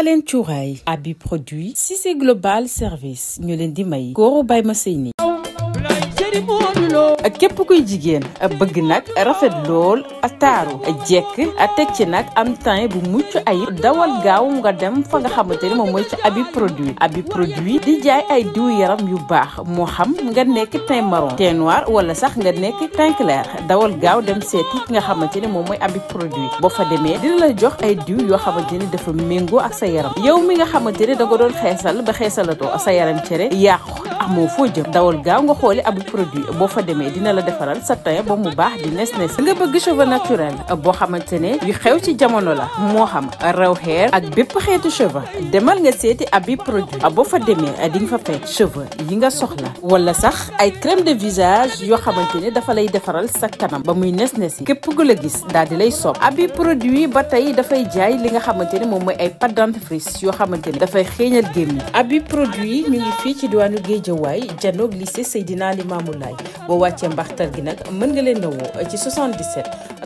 Palen Cuuraay Abi Produit Cissé Global Service ñu leen di may góoru bay ma sëy ni képp kuy jigéen bëgg nag rafet lool taaru jekk a teg ci nag am teint bu mucc ayib dawal gaaw nga dem fa nga xamante ni moom mooy ci abi produit abi produit di jaay ay diw yaram yu baax moo xam nga nekk teint marron teint noir wala sax nga nekk teint clair dawal gaaw dem seeti ki nga xamante ni moom mooy abi produit boo fa demee dina la jox ay diw yoo xamante ni dafa méngoo ak sa yaram yow mi nga xamante ni da nga doon xeesal ba xeesalatoo sa yaram cere yàqu baax foo jëm dawal gaaw nga xooli abu produit boo fa demee dina la defaral sa teint ba mu baax di nes nes nga bëgg cheveux naturel boo xamante ne yu xew ci jamono la moo xam rew xeer ak bépp xeetu cheveux demal nga seeti abi produit boo fa demee di nga fa fekk cheveux yi nga soxla wala sax ay crème de visage yoo xamante ne dafa lay defaral sa kanam ba muy nes nes yi képp ku la gis daal di lay soob abi produit ba tey dafay jaay li nga xamante ne moom mooy ay pâte yoo xamante ne dafay xeeñal gémmiñ abi produit ñu delluwaay janoog lycée Seydina Limamou Laye boo wàccee mbaxtal gi nag mën nga leen a woo ci 77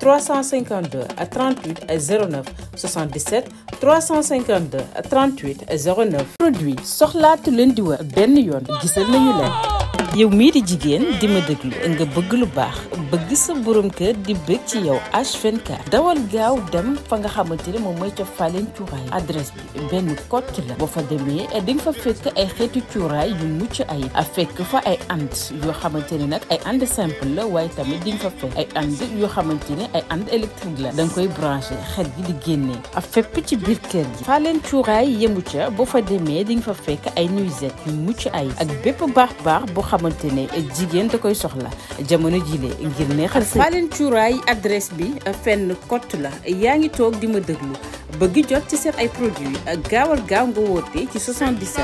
352 38 09 77 352 38 09. produit soxlaatu leen di wër benn yoon gisal nañu leen. yow mii di jigéen di ma déglu nga bëgg lu baax bëgg sa boroom kër di bëgg ci yow H24 dawal gaaw dem fa nga xamante ne moom mooy ca Falen cuuraay adresse bi benn kott la boo fa demee di nga fa fekk ay xeetu cuuraay yu mucc ay fekk fa ay and yoo xamante ni nag ay and simple la waaye tamit di nga ay and yoo xamante ne ay and électrique la da koy branché xet gi di génnee a fépp ci biir kër gi Falen cuuraay yemu ca boo fa demee di nga fa fekk ay nuisette yu mucc ay ak bépp baax baax xamante ne jigéen da koy soxla jamono jile ngir neexal sa Fallène Cuuraay adresse bi fenn kott la yaa ngi toog di ma déglu bëgg jot ci seen ay produits gaawal gaaw nga woote ci 77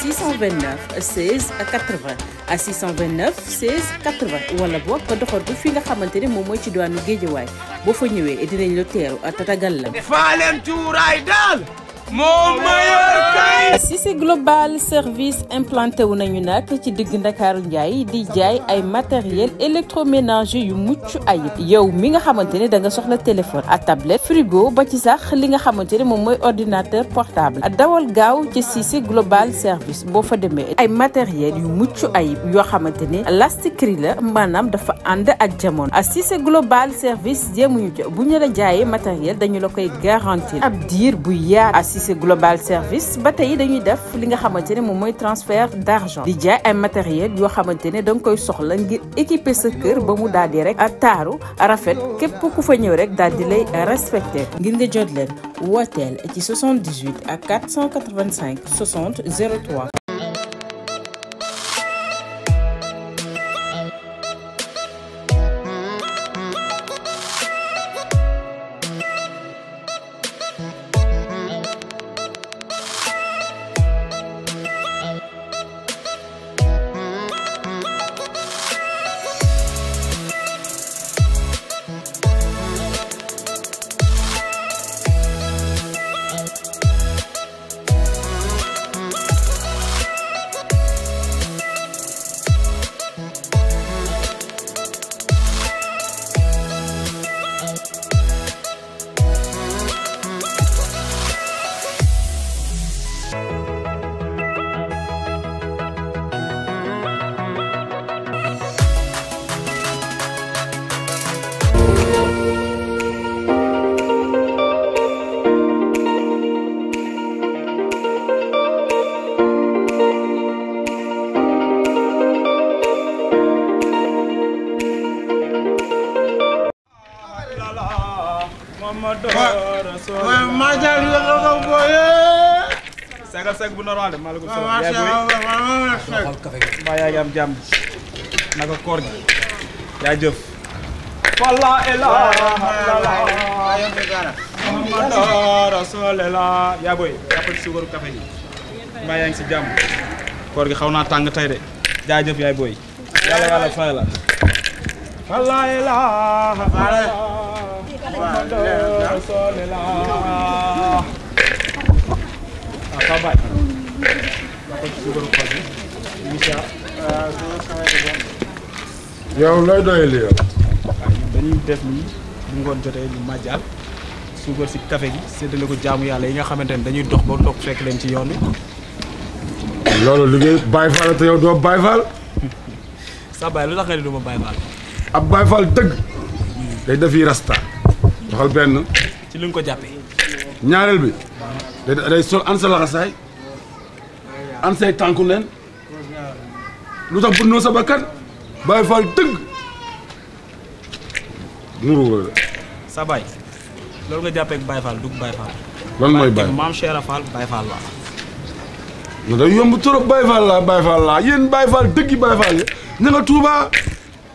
629 16 80 629 16 80 wala boog nga doxal ko fi nga xamante ne moom mooy ci diwaanu Géejawaay boo fa ñëwee dinañ la teeru tatagal la. Fallène Cuuraay daal. moo meilleur kay. global service implanté wu nañu nag ci digg Ndakaaru Ndiaye di jaay ay matériel électroménager yu mucc ayib yow mi nga xamante ne da nga soxla téléphone à tablette frigo ba ci sax li nga xamante ne moom mooy ordinateur portable dawal gaaw ci Cissé global service boo fa demee ay matériel yu mucc ayib yoo xamante ne lastikri la maanaam dafa ànd ak jamono ah, Cissé global service jéemuñu ca bu ñu la jaayee matériel dañu la koy garantir ab diir bu yaatu ah, Cissé global service ba tey dañuy def li nga xamante ne moom mooy transfert d' di jaay ay matériel yoo xamante ne da koy soxla ngir équiper sa kër ba mu daal di rek taaru rafet képp ku fa ñëw rek daal di lay respecté ngir nga jot leen wooteel ci 78 ak 485 60 03. tegal sec bu normal de maaleykum salaam. Ah, yaay booy mbaa yaa ngi am jàmm naka koor gi yaa jëf. fala ilaha ah, ah, illallah muhammadu rasulullah yaa booy jàppal ci suukaru café yi mbaa yaa ngi si jàmm koor gi xaw naa tàng tey de jaajëf yaay booy yàlla yàlla fay la fala ilaha illallah muhammadu rasulullah Kampaañ. looy doyal yow. waaw ñun dañuy def nii bu ngoon jotee ñu màjjal suukar si café gi séddale ko jaamu yàlla yi nga xamante ne dañuy dox ba dox fekk leen ci yoon wi. loolu liggéey Baye Fall te doo Baye Fall. sa lu tax nga ne du ma Baye ab Baye Fall dëgg. day def yi rasta. doxal benn. ci li nga ko jàppee. ñaareel bi. day sol an sa laxasaay tànku leen lu tax bënnoo sa bakkan bàyyi faal dëgg muru sa baay loolu nga jàppee ak Baye Fall dugg Baye Fall. lan mooy Baye maam Cheikh Fall Baye Fall laa. mais day yomb trop Baye Fall laa Baye Fall laa yéen Baye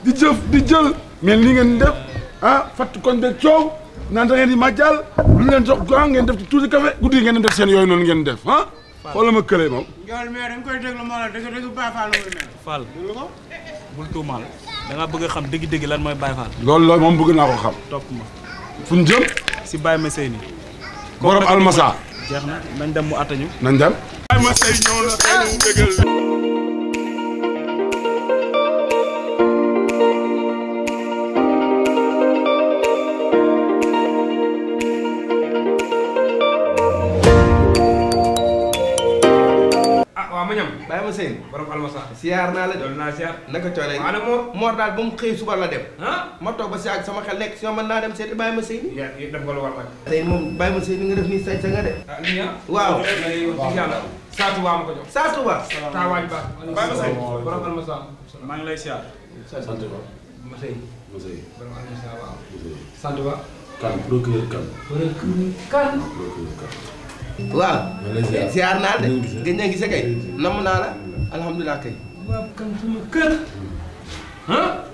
di jëf di jël mais li ngeen def ah koñ beeg coow. naan da ngeen di màjjal lu ñu leen jox grand ngeen def ci café guddi ngeen def seen yooyu noonu ngeen def ah. xoolal ma kële moom. da nga koy déglu moo la dëgg dëgg Baye Fall mooy mel. Fall déglu ko. bul tuumaal da bëgg a xam dëgg-dëgg lan mooy Baye Fall. loolu loolu moom bëgg naa ko xam. topp ma. fu ñu jëm. si Baye Masseyni. almasa. jeex na nañ dem mu attañu. nañ na tey ma seen borom almasa siyaar naa la doon naa siyaar naka coole ana moor moor daal ba mu xëy suba la dem ma toog ba si ak sama xel nekk si man naa dem seeti bàyyi ma sëy ni def nga lu war nag tey moom bàyyi ma sëy ni nga def nii sañ sa nga de ah, ah? waaw yàlla saatu baa ma ko jox saatu ma sëy borom almasa ma sëy ma sëy borom kan procureur kan procureur kan ah, waaw. ziar naa de gëj naa gise kay. namm naa la alhamdulilah kay. waaw kan suma kër. ah.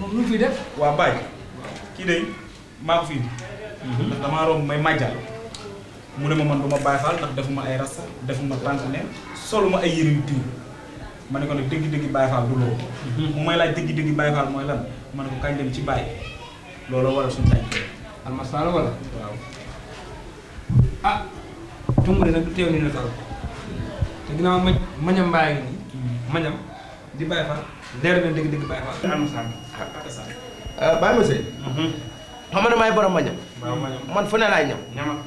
moom lu fi def. waaw Baye kii de maa ko fi mhm. ndax damaa romb may màjjal. mu ne ma man du ma Baye Fall ndax defuma ay rasta defuma tànk soluma ay yére yu ma ne ko nag dëgg-dëgg Baye Fall du loolu. Mhm. mu may laaj dëgg-dëgg Baye Fall mooy lan ma ne ko kañ dem ci Baye looloo waral suñu tànk. almasala wala waaw ah, tumbale nag du teew ñu nataal te ginnaaw ma mañam mbaay ngi nii mañam di Baye Fall leer na dëgg-dëgg Baye Fall. ah euh, Baye Mousse. Mhm. xam nga ne ma ñam. man fu ne laay ñam.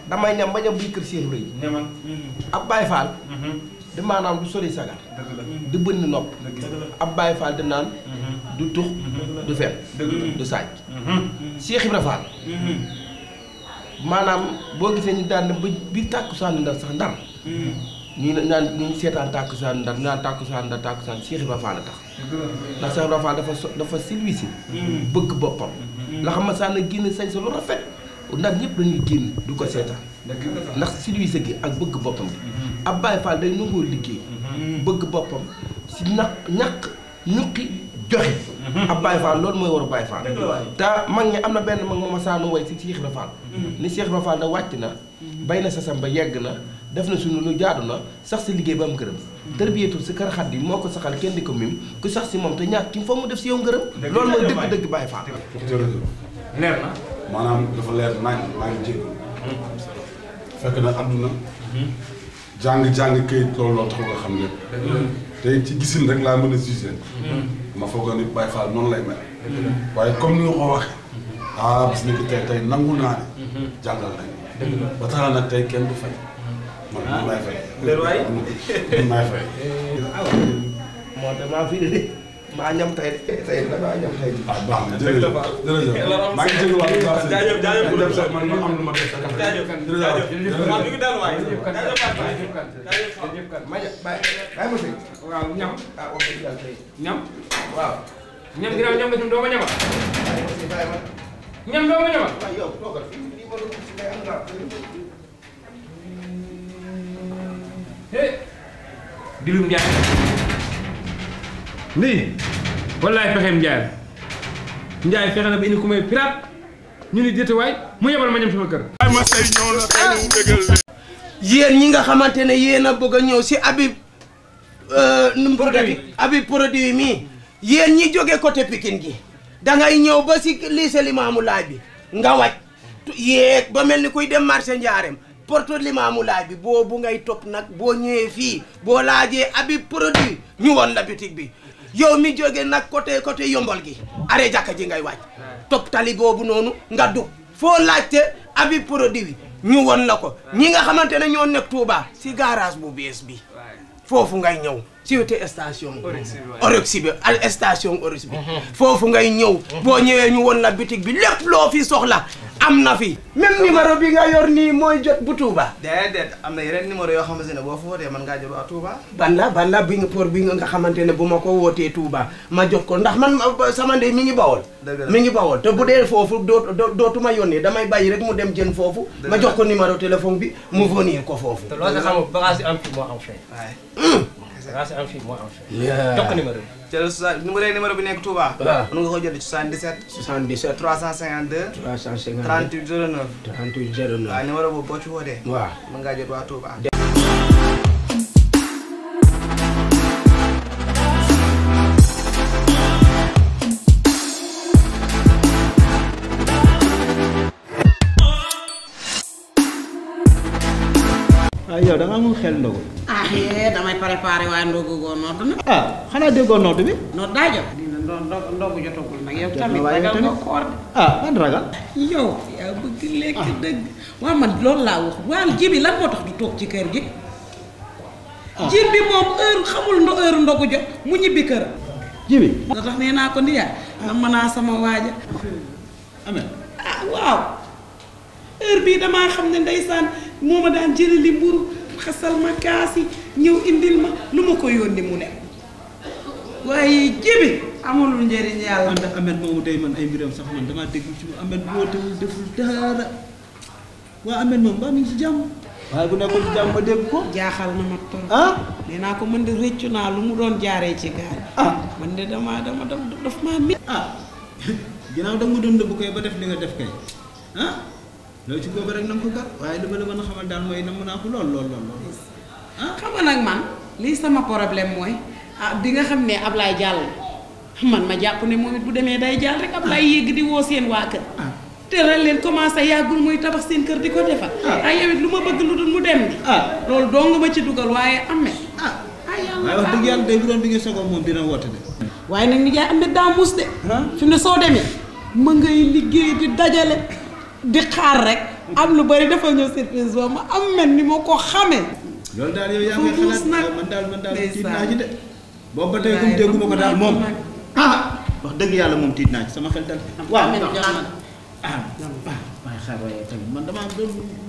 damay ñam ba ñam buy kër Cheikh Ibrahima. ab Baye Fall. Mhm. di maanaam du sori sagar. di bënn nopp. ab Baye Fall di naan. Mhm. du tux. du fen du saaj. Cheikh Ibrahima Fall. maanaam boo gisee ñu daan ba biir tàkkusaanu ndar sax ndar. ñu naan ñu seetaan tàkkusaanu ndar ñu naan tàkkusaanu ndar tàkkusaanu Cheikh Ibra Fall a tax. ndax Cheikh Ibra dafa so dafa silwisi bëgg boppam. la xam ne génn sañ sa lu rafet. ndar ñëpp dañuy génn du ko seetaan. ndax silwise gi ak bëgg boppam gi. ab Baye Fall day nangoo liggéey. bëgg boppam si naq ñaq ñuqi joxe mhm. ab Baye Fall loolu mooy war a Baye Fall te mag ñi am na benn mag mooma saanu way si Cheikh Ibra Fall mhm. ni Cheikh Ibra Fall wàcc na mhm. bay na sasam ba yegg na def na suñu lu jaadu na sax si liggéey ba am gërëm tërbiyeetul si kër xat bi moo ko saxal kenn di ko mim ku sax si moom te ñàkk ki foog mu def si yow ngërëm loolu mooy dëgg dëgg Baye Fall leer na maanaam dafa leer naañ maa ngi jégg fekk na àdduna jàng-jàng këyit loolu loo tax nga xam lépp te ci gisin rek laa mën a jugé. ma foogoon ni Baye Fall noonu lay mel. waaye comme ni nga ko waxee. ah bis ni ko tey tey nangu naa ne. jàngal nañu. ba tax tey kenn du fay. man man ah. maay fay. man maay fay. Eh, ah, moo tax maa fi de. maa ñam tey tey damaa ñam tey. ah baax na jërëjëf jërëjëf maa ngi jégalu waaye. jaajëf jaajëf bu def man man am lu ma def. jaajëf jaajëf jërëjëf maa ngi dellu waay. jaajëf kan jaajëf kan jaajëf kan. ma ja bàyyi bàyyi ma sëñ. waaw ñam. ah ok yàlla tey. ñam. waaw. ñam ginnaaw ñam doo ma ñamal. ñam doo ma ñamal. waaw yow toogal lii ma doon si ngay am naa. eh. dilum Ndiaye. nii wallaay pexeem Njaay la Njaay fexe na ba indi ku may pirate ñu ni déete waay mu yebal ma ñëw sama kër. yéen ñi nga xamante ne yéen a bëgg a ñëw si Habib. Euh, nu mu tuddati Habib produit mii. yéen ñi jógee côté Pikine gi da ngay ñëw ba si lycée Limaamu Laay bi nga wàcc yéeg ba mel ni kuy dem marché Njaareem porte Limaamu Laay bi boobu ngay topp nag boo ñëwee fii boo laajee Habib produit ñu woon la boutique bi. yow mi jóge nag côté côté yombal gi arrêt jàkka ji ngay waaj topp tali boobu noonu nga dugg foo laajte abi produit ñu won la ko ñi nga xamante ne ñoo nekk Touba si garage bu bees bi foofu ngay ñëw surtout station Oryx bi ah, station Oryx bi foofu ngay ñëw boo ñëwee ñu won la bitig bi lépp loo fi soxla am na fi. même numéro bi nga yor nii mooy jot bu Touba. déedéet am na yeneen numéro yoo xamante ne boo fa wootee man ngaa jot waa Touba. ban la ban la bi nga pour bi nga xamante ne bu ma ko wootee Touba ma jot ko ndax man sama ndey mi ngi bawol. mi ngi bawol te bu dee foofu doo dootuma yónnee damay bàyyi rek mu dem jën foofu. ma jox ko numéro téléphone bi mu venir ko foofu. te loolu nga xam bagage yi am raas am fii moo am fii. jox ko numéro bi. ca la soixante numéro numéro bi nekk Touba. waaw ah. mën nga ko jël 77. 77 352. 352 38 09. 38 09 waaw numéro boobu boo ci wootee. waaw mën ngaa jot waa Touba. waaw ah, yow da nga amul xel ndogu ah damay préparé waaye ndogu goo nodd na. ah xanaa déggoo nodd bi. nodd daa jot. dina ndo ndogu jotagul nag yow tamit ragal ah, lekk dëgg. waaw man loolu laa wax waaw ji lan moo tax du toog ci kër gi. ah ji moom heure xamul ndo jot mu ñibbi kër. ji bi. da tax nee naa ko ndi yaay. am naa sama waaja. amee ah waaw. heure bii damaa xam ne ndeysaan moo ma daan jëlee li mburu xasal ma kaas yi ñëw indil ma lu ma ko yónni mu ne waaye jébi amulul njëriñ yàlla ànd ak amet moomu day man ay mbiram sax man damaa dégg ci jàmm bu nekkul ci ma dégg ko jaaxal na ma trop ah naa ko mën de rëccu naa lu mu doon jaaree ci gaal ah man damaa dama daf maa mit ah ginnaaw da nga doon dëbb koy ba def li nga def kay ah? loo ci góob rek na ko gar waaye li ma la mën a xamal daal mooy namm naa ko lool lool lool ah, xam nga nag man lii sama problème mooy ah bi nga xam ne Ablaye jàll man ma jàpp ne moom it bu demee day jàll rek laay ah. yéeg di woo seen waa kër. Ah. teral leen commencé yàggul muy tabax seen kër di ko defal ay lu ma bëgg lu dul mu dem di. loolu dong ma ci dugal waaye am ah waaye wax dëgg yàlla day bu doon bi nga sogoon moom dina woote de. waaye nag ni jaay am na daa de. fi ne soo demee ma ngay liggéey di dajale. di xaar rek am lu bari dafa ñëw surprise ba ma am mel ni ma ko xamee. loolu daal yow yaa ngi xalaat man daal man daal tiit naa ci de. boobu ba tey comme dégguma ko daal moom ah, wax dëgg yàlla moom tiit naa ci sama xel dal. waaw waaw ah, ah waaw waaye tamit man damaa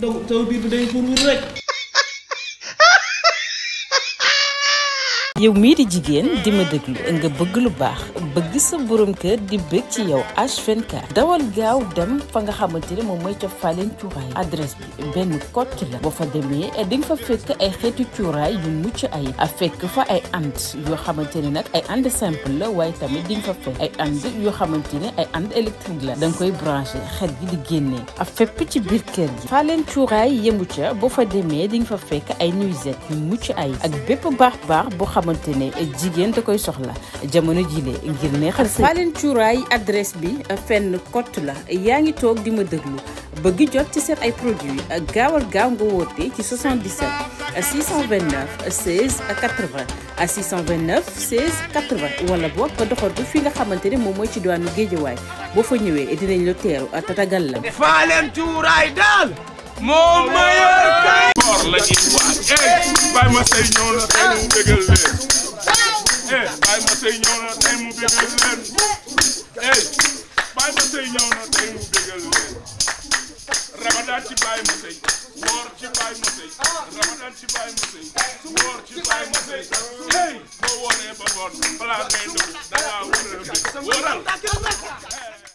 doon doog biir bi day pour wér rek. yow mii di jigéen di ma déglu nga bëgg lu baax bëgg sa borom kër di bëgg ci yow H24 dawal gaaw dem fa nga xamante ne moom mooy ca Falen cuuraay adresse bi benn kott la boo fa demee eh, di nga fa fekk ay xeetu cuuraay yu mucc ay a ah, fa ay and yoo xamante ne nag ay and simple la waaye tamit di nga fa ay and yoo xamante ne ay and électrique la da nga koy branché xet gi di génnee a ah, fépp ci biir kër gi Falen cuuraay yemu ca boo fa demee di nga fa fekk ay nuisette yu mucc ay ak bépp baax baax boo xam xamante ne jigéen da koy soxla jamono jile ngir neexal sa Fallène Cuuraay adresse bi fenn cote la yaa ngi toog di ma déglu bëgg jot ci seen ay produits gaawal gaaw nga woote ci a 629 16 80 629 16 80 wala boog nga doxal ba fii nga xamante ne moom mooy ci diwaanu Géejawaay boo fa ñëwee dinañ la teeru tatagal la. Fallène Cuuraay daal moo maye la ñuy waaj eh Baye Massey ñëw na tey mu bégal leen eh Baye Massey ñëw na tey mu bégal leen eh Baye Massey ñëw na tey mu bégal leen Ramadan ci Baye Massey woor ci Baye Massey Ramadan ci Baye Massey woor ci Baye Massey eh boo wooree ba ngoon balaa ngay dugg da ngaa war a wóoral